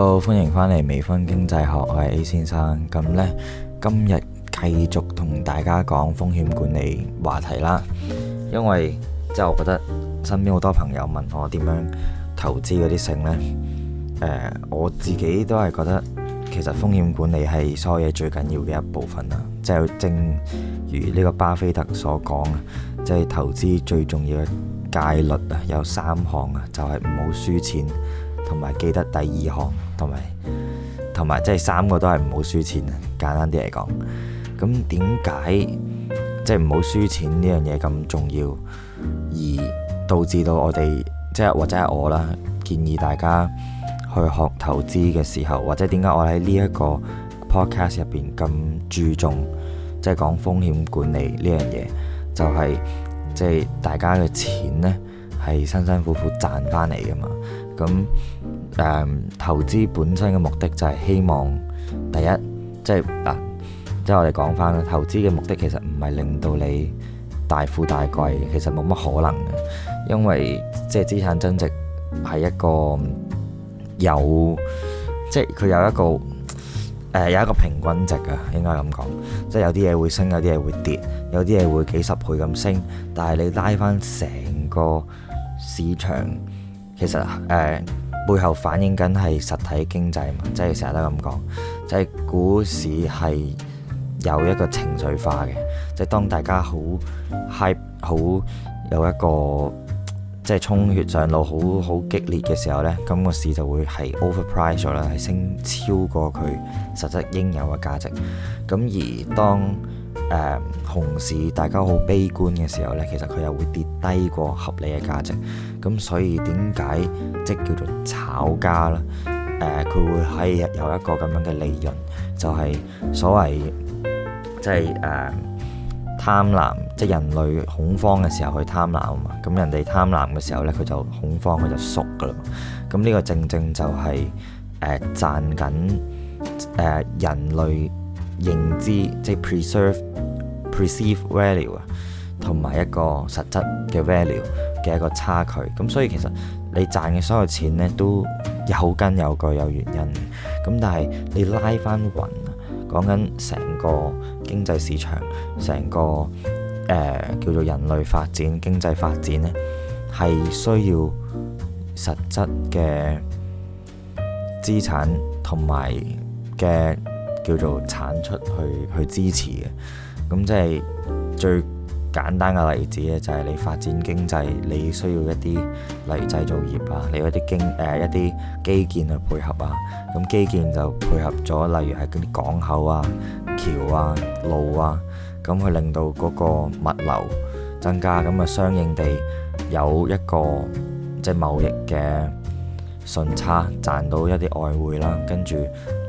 Hello, 歡迎返嚟《微醺經濟學》，我係 A 先生，咁呢，今日繼續同大家講風險管理話題啦。因為即係、就是、我覺得身邊好多朋友問我點樣投資嗰啲性呢、呃？我自己都係覺得其實風險管理係所有嘢最緊要嘅一部分啦。即、就、係、是、正如呢個巴菲特所講啊，即、就、係、是、投資最重要嘅戒律啊，有三項啊，就係唔好輸錢，同埋記得第二項。同埋，同埋即係三個都係唔好輸錢啊！簡單啲嚟講，咁點解即係唔好輸錢呢樣嘢咁重要，而導致到我哋即係或者係我啦，建議大家去學投資嘅時候，或者點解我喺呢一個 podcast 入邊咁注重即係、即係、講風險管理呢樣嘢，就係即係大家嘅錢呢，係辛辛苦苦賺翻嚟噶嘛，咁。誒、um, 投資本身嘅目的就係希望第一，即係啊，即係我哋講翻啦。投資嘅目的其實唔係令到你大富大貴，其實冇乜可能嘅，因為即係資產增值係一個有即係佢有一個誒、呃、有一個平均值嘅，應該咁講。即係有啲嘢會升，有啲嘢會跌，有啲嘢會幾十倍咁升，但係你拉翻成個市場，其實誒。啊背後反映緊係實體經濟嘛，即係成日都咁講，即係股市係有一個情緒化嘅，即係當大家好 high 好有一個即係沖血上腦好好激烈嘅時候呢，咁個市就會係 overpriced 啦，係升超過佢實質應有嘅價值。咁而當誒、呃、熊市大家好悲觀嘅時候呢，其實佢又會跌低過合理嘅價值。咁所以點解即叫做炒家咧？誒、呃，佢會喺有一個咁樣嘅利潤，就係、是、所謂即係誒貪婪，即、就、係、是、人類恐慌嘅時候去貪婪啊嘛。咁人哋貪婪嘅時候咧，佢就恐慌，佢就縮噶啦。咁呢個正正就係、是、誒、呃、賺緊誒、呃、人類認知，即、就、係、是、preserve，perceive value 啊，同埋一個實質嘅 value。嘅一個差距，咁所以其實你賺嘅所有錢呢，都有根有據有原因嘅，咁但係你拉翻匀啊，講緊成個經濟市場，成個誒、呃、叫做人類發展、經濟發展呢，係需要實質嘅資產同埋嘅叫做產出去去支持嘅，咁即係最。簡單嘅例子嘅就係你發展經濟，你需要一啲例如製造業啊，你要啲經誒、呃、一啲基建去配合啊。咁基建就配合咗，例如係啲港口啊、橋啊、路啊，咁去令到嗰個物流增加，咁啊相應地有一個即係、就是、貿易嘅順差，賺到一啲外匯啦。跟住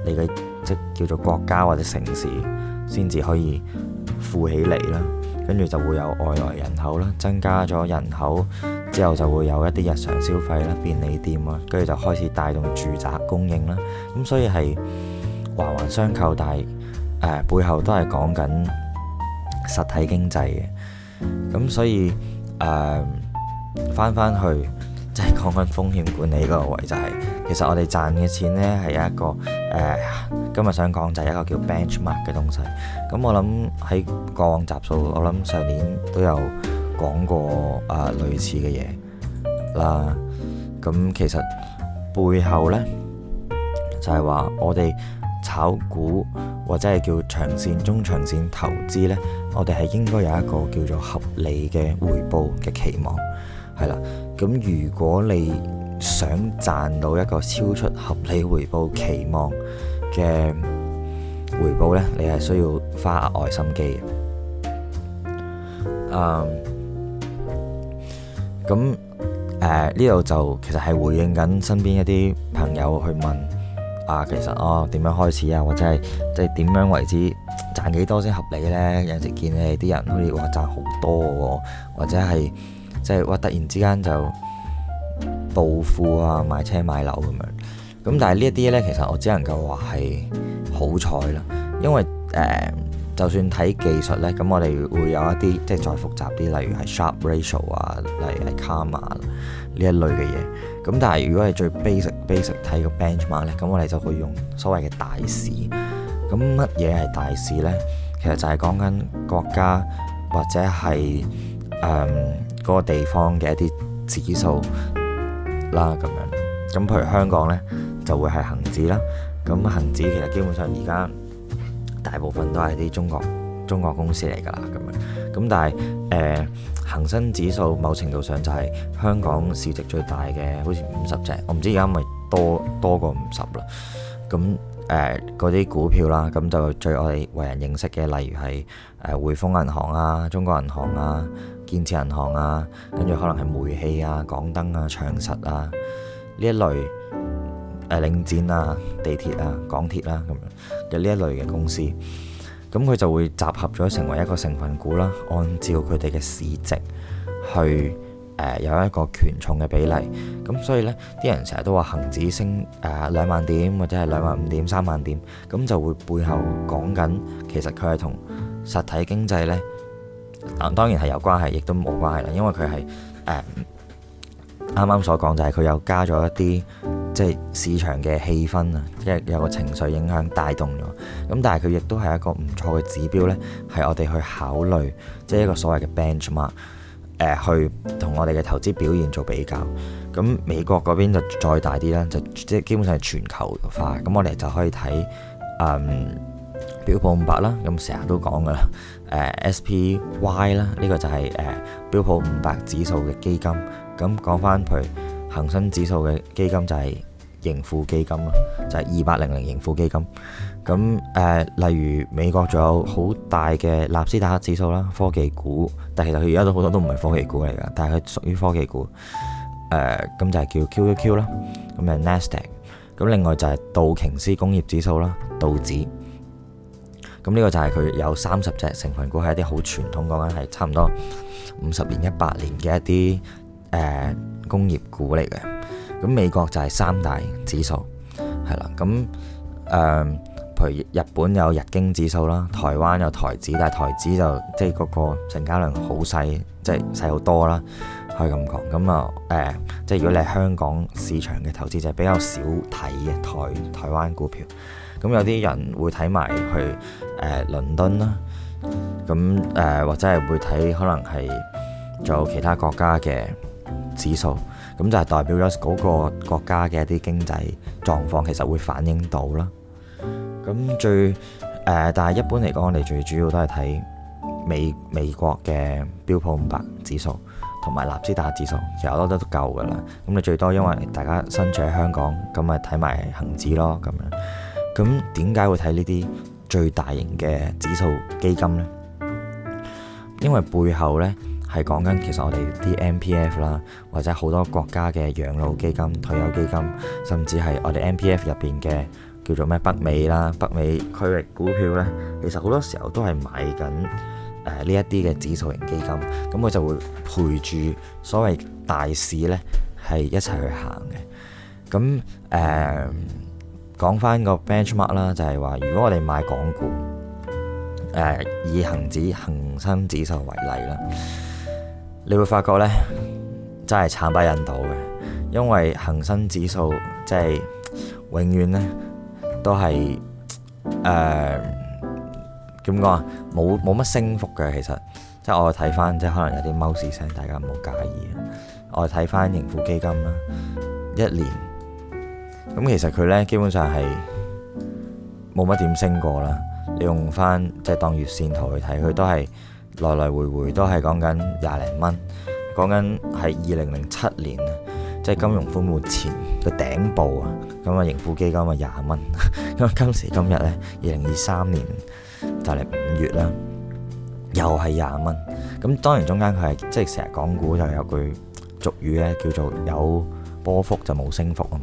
你嘅即、就是、叫做國家或者城市先至可以富起嚟啦。跟住就會有外來人口啦，增加咗人口之後就會有一啲日常消費啦、便利店啊，跟住就開始帶動住宅供應啦。咁所以係環環相扣，但係、呃、背後都係講緊實體經濟嘅。咁所以誒返返去。講緊風險管理嗰個位就係、是，其實我哋賺嘅錢呢，係有一個誒、呃，今日想講就係一個叫 Benchmark 嘅東西。咁我諗喺過往集數，我諗上年都有講過啊、呃、類似嘅嘢啦。咁其實背後呢，就係話，我哋炒股或者係叫長線、中長線投資呢，我哋係應該有一個叫做合理嘅回報嘅期望，係啦。咁如果你想賺到一個超出合理回報期望嘅回報呢，你係需要花額外心機嘅。咁呢度就其實係回應緊身邊一啲朋友去問啊，其實我、哦、點樣開始啊，或者係即係點樣為之賺幾多先合理呢？有時見你啲人好似話賺好多喎、哦，或者係。即係哇！突然之間就暴富啊，買車買樓咁樣咁，但係呢一啲咧，其實我只能夠話係好彩啦。因為誒、呃，就算睇技術咧，咁我哋會有一啲即係再複雜啲，例如係 Sharp Ratio 啊，例如係 Karma 呢、啊、一類嘅嘢。咁但係如果係最 basic basic 睇個 Benchmark 咧，咁我哋就可以用所謂嘅大市。咁乜嘢係大市咧？其實就係講緊國家或者係誒、嗯嗰個地方嘅一啲指數啦，咁、啊、樣咁，譬如香港呢，就會係恒指啦。咁恒指其實基本上而家大部分都係啲中國中國公司嚟㗎啦，咁樣咁，但係誒、呃、恆生指數某程度上就係香港市值最大嘅，好似五十隻，我唔知而家咪多多過五十啦。咁誒嗰啲股票啦，咁就最我哋為人認識嘅，例如係誒、呃、匯豐銀行啊、中國銀行啊。建設銀行啊，跟住可能係煤氣啊、港燈啊、長實啊呢一類，誒領展啊、地鐵啊、港鐵啦咁樣嘅呢一類嘅公司，咁佢就會集合咗成為一個成分股啦。按照佢哋嘅市值去誒、呃、有一個權重嘅比例，咁所以呢啲人成日都話恒指升誒兩萬點或者係兩萬五點三萬點，咁就會背後講緊其實佢係同實體經濟呢。嗱，當然係有關係，亦都冇關係啦。因為佢係誒啱啱所講，就係佢又加咗一啲即係市場嘅氣氛啊，即係有個情緒影響帶動咗。咁但係佢亦都係一個唔錯嘅指標呢，係我哋去考慮即係一個所謂嘅 benchmark。誒，去同我哋嘅投資表現做比較。咁美國嗰邊就再大啲啦，就即係基本上係全球化。咁我哋就可以睇嗯。普500，呃 y，就是呃、標普五百啦，咁成日都講噶啦。SPY 啦，呢個就係誒標普五百指數嘅基金。咁講翻佢恒生指數嘅基金就係盈富基金啦，就係二八零零盈富基金。咁、就、誒、是呃，例如美國仲有好大嘅納斯達克指數啦，科技股，但其實佢而家都好多都唔係科技股嚟㗎，但係佢屬於科技股。誒、呃、咁就係叫 QQQ 啦，咁誒 Nasdaq。咁另外就係道瓊斯工業指數啦，道指。咁呢個就係佢有三十隻成分股，係一啲好傳統，講緊係差唔多五十年、一百年嘅一啲誒工業股嚟嘅。咁美國就係三大指數，係啦。咁誒、呃，譬如日本有日經指數啦，台灣有台指，但係台指就即係嗰個成交量好細，即係細好多啦。可以咁講咁啊，誒、呃，即係如果你係香港市場嘅投資者，比較少睇台台灣股票。咁有啲人會睇埋去誒、呃、倫敦啦，咁誒、呃、或者係會睇可能係做其他國家嘅指數，咁就係代表咗嗰個國家嘅一啲經濟狀況，其實會反映到啦。咁最誒、呃，但係一般嚟講，我哋最主要都係睇美美國嘅標普五百指數。同埋納斯達指數，其實好多都夠噶啦。咁你最多因為大家身處喺香港，咁咪睇埋恒指咯咁樣。咁點解會睇呢啲最大型嘅指數基金呢？因為背後呢係講緊，其實我哋啲 M P F 啦，或者好多國家嘅養老基金、退休基金，甚至係我哋 M P F 入邊嘅叫做咩北美啦、北美區域股票呢。其實好多時候都係買緊。呢一啲嘅指數型基金，咁佢就會陪住所謂大市呢，係一齊去行嘅。咁誒講翻個 benchmark 啦，就係話如果我哋買港股，呃、以恒指、恒生指數為例啦，你會發覺呢，真係慘不忍睹嘅，因為恒生指數即係永遠呢，都係誒。呃點講啊？冇冇乜升幅嘅，其實即係我睇翻，即係可能有啲貓屎聲，大家唔好介意。我睇翻盈富基金啦，一年咁其實佢呢基本上係冇乜點升過啦。你用翻即係當月線圖去睇，佢都係來來回回都係講緊廿零蚊，講緊喺二零零七年，即係金融款緩前嘅頂部啊。咁啊，盈富基金啊，廿蚊。咁今時今日呢，二零二三年。就嚟五月啦，又係廿蚊。咁當然中間佢係即係成日講股，就有句俗語咧，叫做有波幅就冇升幅啊。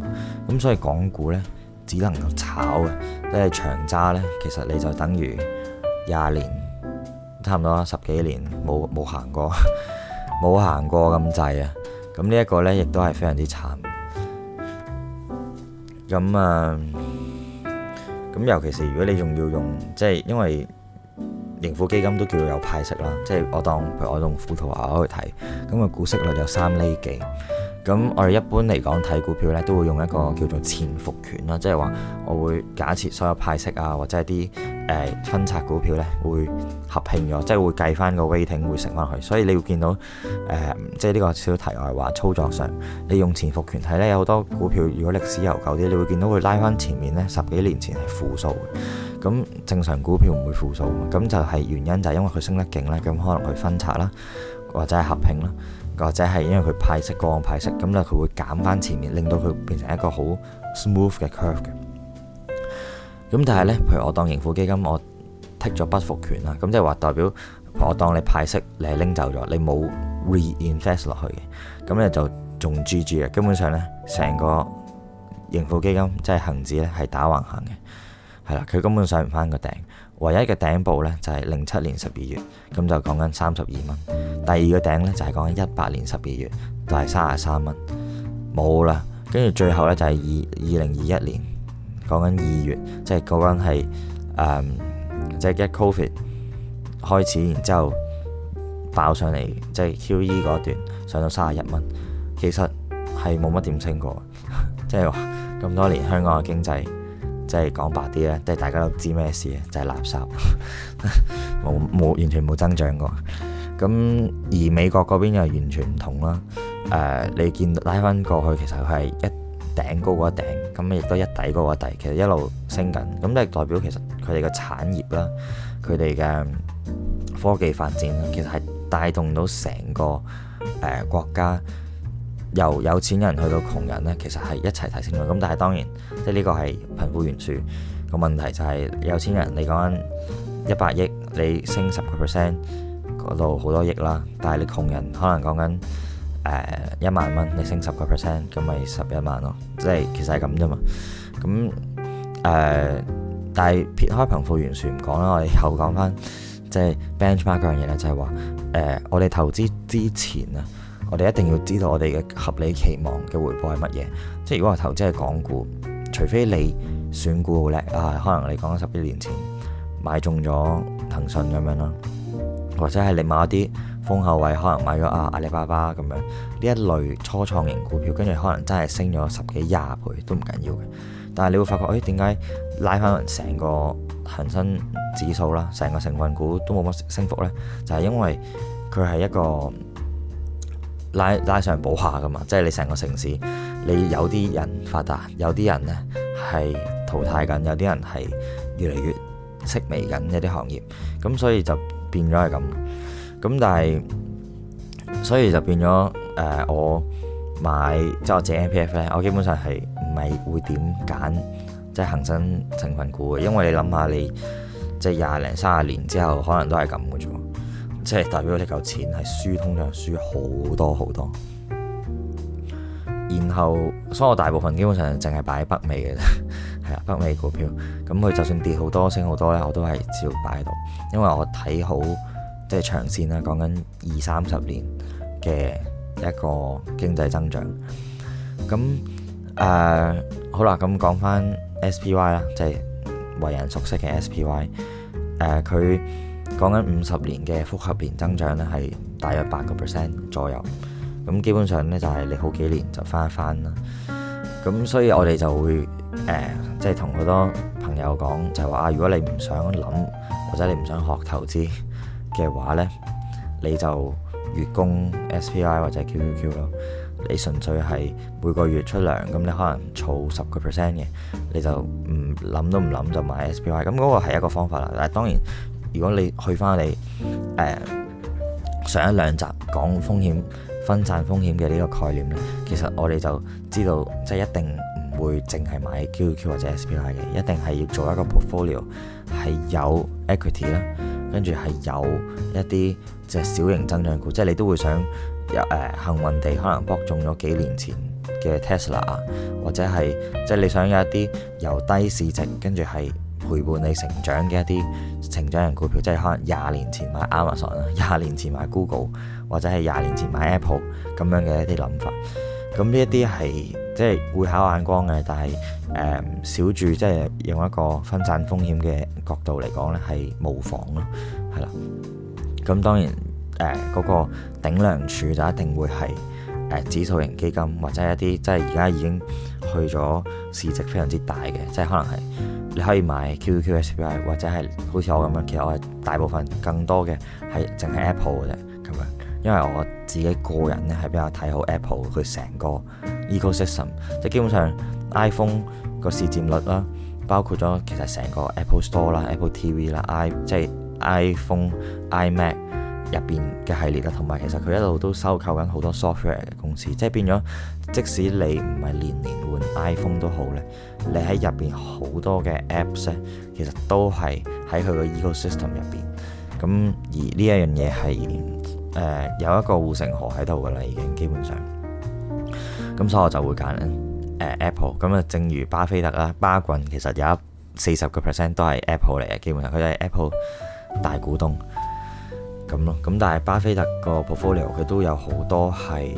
咁所以講股咧，只能夠炒嘅，即係長揸咧，其實你就等於廿年差唔多十幾年冇冇行過，冇 行過咁滯啊。咁呢一個咧，亦都係非常之慘。咁啊。咁尤其是如果你仲要用，即係因為盈富基金都叫做有派息啦，即係我當譬如我用富途啊去睇，咁啊股息率有三厘幾，咁我哋一般嚟講睇股票咧都會用一個叫做前復權啦，即係話我會假設所有派息啊或者係啲。誒、呃、分拆股票咧會合併咗，即係會計翻個 waiting 會乘翻去，所以你會見到誒、呃，即係呢個小題外話。操作上，你用前復權係咧有好多股票，如果歷史悠久啲，你會見到佢拉翻前面咧十幾年前係負數嘅，咁正常股票唔會負數嘅，咁就係原因就係因為佢升得勁咧，咁可能佢分拆啦，或者係合併啦，或者係因為佢派息過往派息，咁咧佢會減翻前面，令到佢變成一個好 smooth 嘅 curve 嘅。咁但係呢，譬如我當盈富基金，我剔咗不復權啦，咁即係話代表我當你派息，你係拎走咗，你冇 reinvest 落去嘅，咁咧就仲 GG 嘅。根本上呢，成個盈富基金即係恒指咧係打橫行嘅，係啦，佢根本上唔翻個頂，唯一嘅頂部呢，就係零七年十二月，咁就講緊三十二蚊；第二個頂呢，就係講緊一八年十二月，都係三十三蚊，冇啦。跟住最後呢，就係二二零二一年。講緊二月，即係嗰陣係誒，即係 get covid 開始，然之後爆上嚟，即係 QE 嗰段上到三十一蚊，其實係冇乜點升過，即係話咁多年香港嘅經濟，即係講白啲咧，即係大家都知咩事，就係、是、垃圾，冇 冇完全冇增長過。咁而美國嗰邊又完全唔同啦，誒、呃，你見拉翻過去，其實佢係一頂高過一頂，咁亦都一底過一底，其實一路升緊，咁即係代表其實佢哋嘅產業啦，佢哋嘅科技發展其實係帶動到成個誒國家，由有錢人去到窮人咧，其實係一齊提升嘅。咁但係當然，即係呢個係貧富懸殊個問題，就係有錢人你講緊一百億，你升十個 percent，嗰度好多億啦，但係你窮人可能講緊。誒一萬蚊，你升十個 percent，咁咪十一萬咯，即係其實係咁啫嘛。咁誒，uh, 但係撇開貧富懸殊唔講啦，我哋後講翻即係 benchmark 嗰樣嘢咧，就係話誒，uh, 我哋投資之前啊，我哋一定要知道我哋嘅合理期望嘅回報係乜嘢。即係如果我投資係港股，除非你選股好叻啊，可能你講緊十幾年前買中咗騰訊咁樣咯，或者係你買一啲。風口位可能買咗啊阿里巴巴咁樣呢一類初創型股票，跟住可能真係升咗十幾廿倍都唔緊要嘅。但係你會發覺，誒點解拉翻成個恒生指數啦，成個成分股都冇乜升幅呢？就係、是、因為佢係一個拉拉上補下嘅嘛，即、就、係、是、你成個城市，你有啲人發達，有啲人呢係淘汰緊，有啲人係越嚟越式微緊一啲行業，咁所以就變咗係咁。咁、嗯、但係，所以就變咗誒、呃，我買即係我整 M P F 咧，我基本上係唔係會點揀即係恒生成分股嘅？因為你諗下，你即係廿零三十年之後，可能都係咁嘅啫，即係代表一嚿錢係輸，通常輸好多好多。然後，所以我大部分基本上淨係擺喺北美嘅啫，係 啊，北美股票。咁佢就算跌好多升好多咧，我都係照擺喺度，因為我睇好。即係長線啦，講緊二三十年嘅一個經濟增長。咁誒、呃、好啦，咁講返 SPY 啦，即係為人熟悉嘅 SPY、呃。佢講緊五十年嘅複合年增長咧，係大約八個 percent 左右。咁基本上呢，就係你好幾年就翻一翻啦。咁所以我哋就會、呃、即係同好多朋友講，就係話啊，如果你唔想諗，或者你唔想學投資。嘅話呢，你就月供 SPY 或者 QQQ 咯。你純粹係每個月出糧，咁你可能儲十個 percent 嘅，你就唔諗都唔諗就買 SPY。咁嗰個係一個方法啦。但係當然，如果你去翻你、呃、上一兩集講風險分散風險嘅呢個概念呢，其實我哋就知道，即係一定唔會淨係買 QQQ 或者 SPY 嘅，一定係要做一個 portfolio，係有 equity 啦。跟住係有一啲即係小型增長股，即係你都會想有誒、幸運地可能搏中咗幾年前嘅 Tesla 啊，或者係即係你想有一啲由低市值跟住係陪伴你成長嘅一啲成長型股票，即係可能廿年前買 Amazon 啊，廿年前買 Google 或者係廿年前買 Apple 咁樣嘅一啲諗法。咁呢一啲係即係會考眼光嘅，但係誒、嗯、少注即係、就是、用一個分散風險嘅角度嚟講咧，係無妨咯，係啦。咁當然誒嗰、呃那個頂樑柱就一定會係誒、呃、指數型基金或者一啲即係而家已經去咗市值非常之大嘅，即係可能係你可以買 QQQ S P I 或者係好似我咁樣，其實我係大部分更多嘅係淨係 Apple 嘅啫。因為我自己個人咧係比較睇好 Apple 佢成個 ecosystem，即係基本上 iPhone 個市佔率啦，包括咗其實成個 Apple Store 啦、Apple TV 啦、i 即係 iPhone、iMac 入邊嘅系列啦，同埋其實佢一路都收購緊好多 software 嘅公司，即係變咗即使你唔係年年換 iPhone 都好咧，你喺入邊好多嘅 Apps 咧，其實都係喺佢個 ecosystem 入邊。咁而呢一樣嘢係。誒、呃、有一個護城河喺度㗎啦，已經基本上，咁所以我就會揀、呃、Apple。咁啊，正如巴菲特啦，巴郡其實有四十個 percent 都係 Apple 嚟嘅，基本上佢係 Apple 大股東。咁咯，咁但係巴菲特個 portfolio 佢都有好多係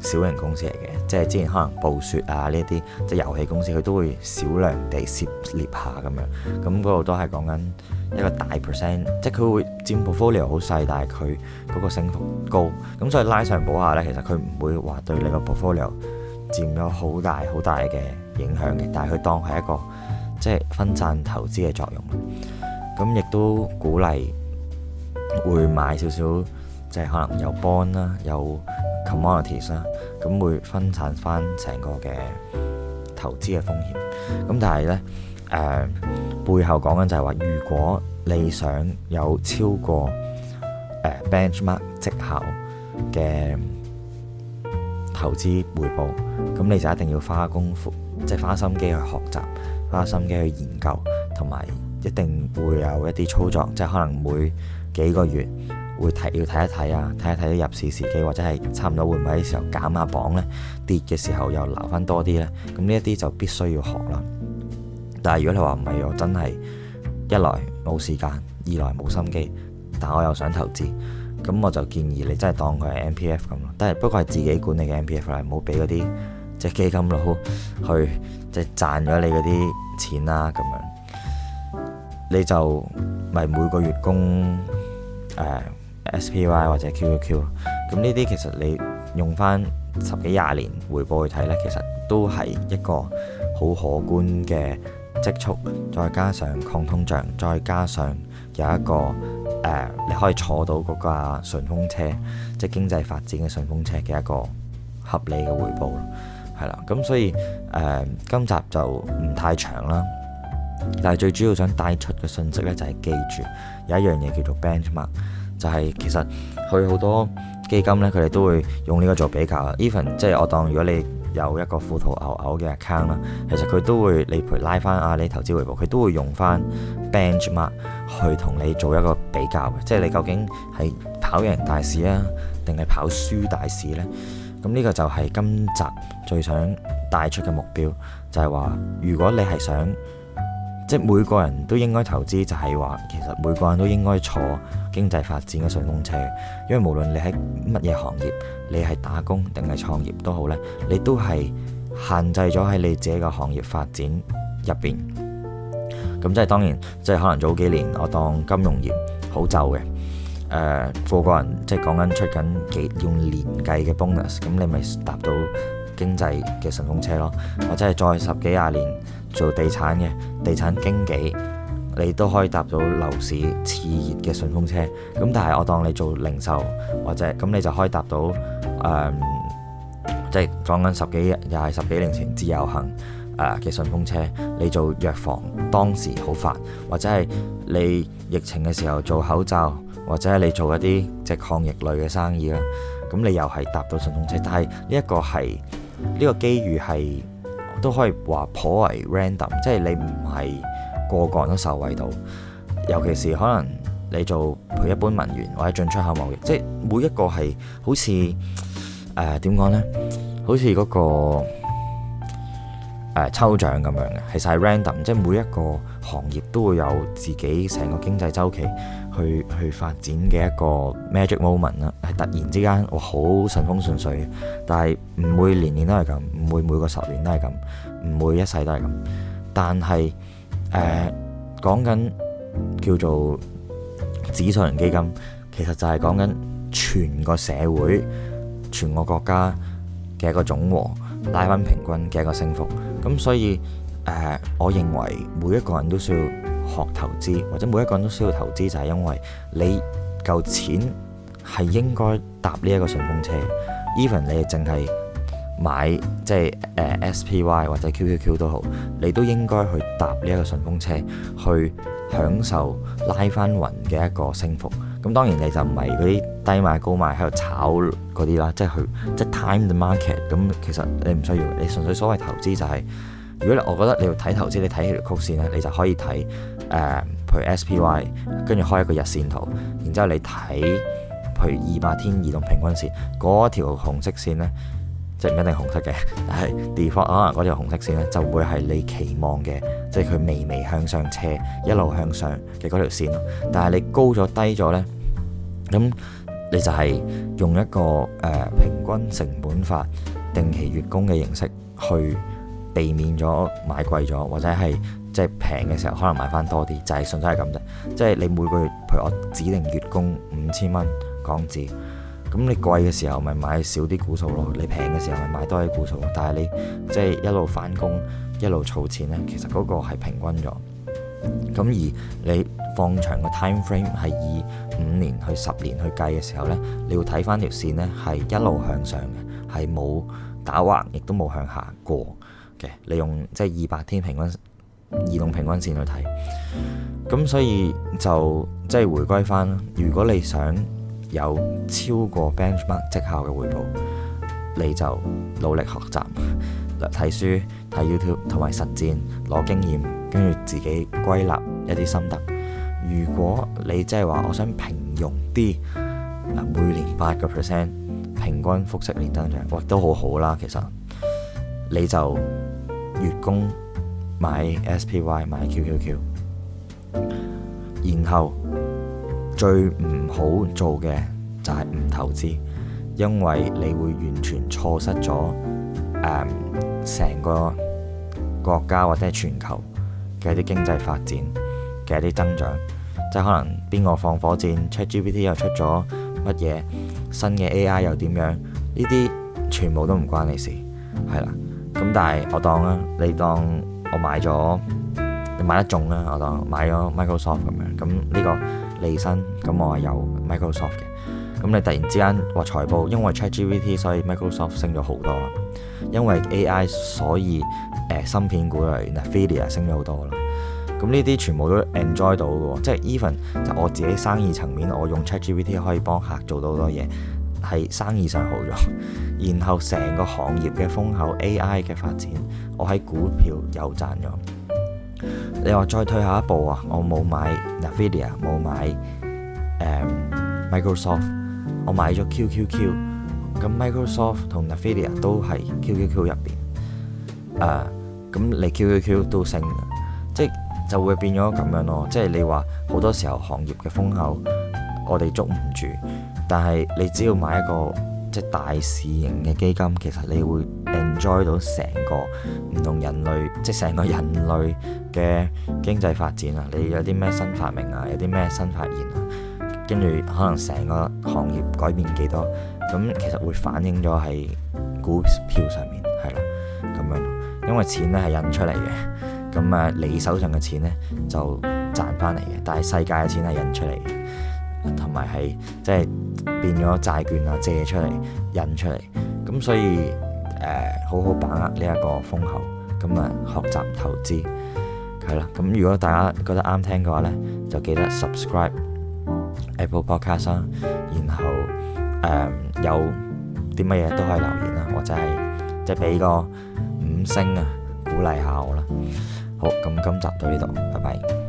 小型公司嚟嘅，即係之前可能暴雪啊呢一啲即係遊戲公司，佢都會少量地涉獵下咁樣，咁嗰度都係講緊一個大 percent，即係佢會佔 portfolio 好細，但係佢嗰個升幅高，咁所以拉上補下咧，其實佢唔會話對你個 portfolio 佔咗好大好大嘅影響嘅，但係佢當係一個即係、就是、分散投資嘅作用，咁亦都鼓勵。會買少少，即係可能有 bond 啦，有 commodities 啦，咁會分散翻成個嘅投資嘅風險。咁但係呢，誒背後講緊就係話，如果你想有超過誒 benchmark 績效嘅投資回報，咁你就一定要花功夫，即係花心機去學習，花心機去研究，同埋一定會有一啲操作，即係可能會。幾個月會睇要睇一睇啊，睇一睇入市時機，或者係差唔多換位嘅時候減下磅呢？跌嘅時候又留翻多啲呢？咁呢一啲就必須要學啦。但係如果你話唔係，我真係一來冇時間，二來冇心機，但我又想投資，咁我就建議你真係當佢係 M P F 咁咯。但係不過係自己管理嘅 M P F 啦，唔好俾嗰啲即係基金佬去即係、就是、賺咗你嗰啲錢啦，啊、咁樣。你就咪每個月供。Uh, SPY 或者 QQQ，咁呢啲其實你用翻十幾廿年回報去睇呢，其實都係一個好可觀嘅積蓄，再加上抗通脹，再加上有一個誒、uh, 你可以坐到嗰架順風車，即經濟發展嘅順風車嘅一個合理嘅回報，係啦。咁所以誒、uh, 今集就唔太長啦。但係最主要想帶出嘅信息咧，就係、是、記住有一樣嘢叫做 benchmark，就係其實佢好多基金咧，佢哋都會用呢個做比較。Even 即係我當如果你有一個富途牛牛嘅 account 啦，其實佢都會你陪拉翻啊，你投資回報佢都會用翻 benchmark 去同你做一個比較嘅，即係你究竟係跑贏大市啊，定係跑輸大市呢？咁呢個就係今集最想帶出嘅目標，就係、是、話如果你係想。即係每個人都應該投資，就係話其實每個人都應該坐經濟發展嘅順風車，因為無論你喺乜嘢行業，你係打工定係創業都好咧，你都係限制咗喺你自己個行業發展入邊。咁即係當然，即係可能早幾年我當金融業好就嘅，誒個個人即係講緊出緊幾用年計嘅 bonus，咁你咪搭到經濟嘅順風車咯。或者係再十幾廿年。做地產嘅地產經紀，你都可以搭到樓市熾熱嘅順風車。咁但係我當你做零售或者咁，你就可以搭到誒，即係講緊十幾又係十幾年前自由行嘅、呃、順風車。你做藥房當時好發，或者係你疫情嘅時候做口罩，或者係你做一啲即係抗疫類嘅生意啦。咁你又係搭到順風車，但係呢一個係呢、呢個機遇係。都可以話頗為 random，即係你唔係個個人都受惠到，尤其是可能你做佢一般文員或者進出口貿易，即係每一個係好似誒，點講呢？好似嗰個誒抽獎咁樣嘅，其實係 random，即係每一個行業都會有自己成個經濟周期。去去發展嘅一個 magic moment 啦，係突然之間，我好順風順水，但係唔會年年都係咁，唔會每個十年都係咁，唔會一世都係咁。但係誒講緊叫做指數型基金，其實就係講緊全個社會、全個國家嘅一個總和拉翻平均嘅一個升幅。咁所以誒、呃，我認為每一個人都需要，學投資或者每一個人都需要投資，就係、是、因為你嚿錢係應該搭呢一個順風車。Even 你係淨係買即係、就是呃、SPY 或者 QQQ 都好，你都應該去搭呢一個順風車，去享受拉翻雲嘅一個升幅。咁當然你就唔係嗰啲低買高賣喺度炒嗰啲啦，即、就、係、是、去即係、就是、time the market。咁其實你唔需要，你純粹所謂投資就係、是。如果你，我覺得你要睇投資，你睇起條曲線咧，你就可以睇，誒、呃，譬如 SPY，跟住開一個日線圖，然之後你睇，譬如二百天移動平均線，嗰條紅色線呢，即係唔一定紅色嘅，但係地方可能嗰條紅色線呢，就會係你期望嘅，即係佢微微向上斜，一路向上嘅嗰條線咯。但係你高咗低咗呢，咁你就係用一個誒、呃、平均成本法，定期月供嘅形式去。避免咗買貴咗，或者係即係平嘅時候可能買翻多啲，就係純粹係咁啫。即係你每個月譬如我指定月供五千蚊港紙，咁你貴嘅時候咪買少啲股數咯，你平嘅時候咪買多啲股數。但係你即係一路返工一路儲錢呢，其實嗰個係平均咗。咁而你放長個 time frame 係以五年去十年去計嘅時候呢，你要睇翻條線呢，係一路向上嘅，係冇打橫亦都冇向下過。嘅，利用即係二百天平均移動平均線去睇，咁所以就即係、就是、回歸翻。如果你想有超過 benchmark 績效嘅回報，你就努力學習，睇書、睇 YouTube 同埋實踐攞經驗，跟住自己歸納一啲心得。如果你即係話我想平庸啲，嗱，每年八個 percent 平均複息年增長，哇都好好啦，其實。你就月供買 S P Y 買 Q Q Q，然後最唔好做嘅就係唔投資，因為你會完全錯失咗嗯、成個國家或者全球嘅一啲經濟發展嘅一啲增長，即係可能邊個放火箭，Chat G P T 又出咗乜嘢新嘅 A I 又點樣，呢啲全部都唔關你事，係啦。咁但係我當啦，你當我買咗，你買得中啦，我當我買咗 Microsoft 咁樣、呢個。咁呢個利申，咁我係有 Microsoft 嘅。咁你突然之間話財報，因為 ChatGPT 所以 Microsoft 升咗好多啦。因為 AI 所以誒、呃、芯片股啊，然後 Nvidia 升咗好多啦。咁呢啲全部都 enjoy 到嘅喎，即係 even 就我自己生意層面，我用 ChatGPT 可以幫客做到好多嘢。係生意上好咗，然後成個行業嘅風口 AI 嘅發展，我喺股票又賺咗。你話再退下一步啊，我冇買 Nvidia，a 冇買、um, Microsoft，我買咗 QQQ，咁 Microsoft 同 Nvidia a 都係 QQQ 入邊，咁、uh, 你 QQQ 都升，即就會變咗咁樣咯。即係你話好多時候行業嘅風口，我哋捉唔住。但係你只要買一個即係大市型嘅基金，其實你會 enjoy 到成個唔同人類，即係成個人類嘅經濟發展啊！你有啲咩新發明啊？有啲咩新發現啊？跟住可能成個行業改變幾多咁，其實會反映咗喺股票上面，係啦咁樣。因為錢咧係印出嚟嘅，咁誒你手上嘅錢咧就賺翻嚟賺返嚟嘅，但係世界嘅錢係印出嚟，同埋係即係。就是變咗債券啊，借出嚟，印出嚟，咁所以誒、呃，好好把握呢一個風口，咁啊，學習投資係啦，咁如果大家覺得啱聽嘅話咧，就記得 subscribe Apple Podcast 啊，然後誒、呃、有啲乜嘢都可以留言啦，或者係即係俾個五星啊，鼓勵下我啦，好，咁今集到呢度，拜拜。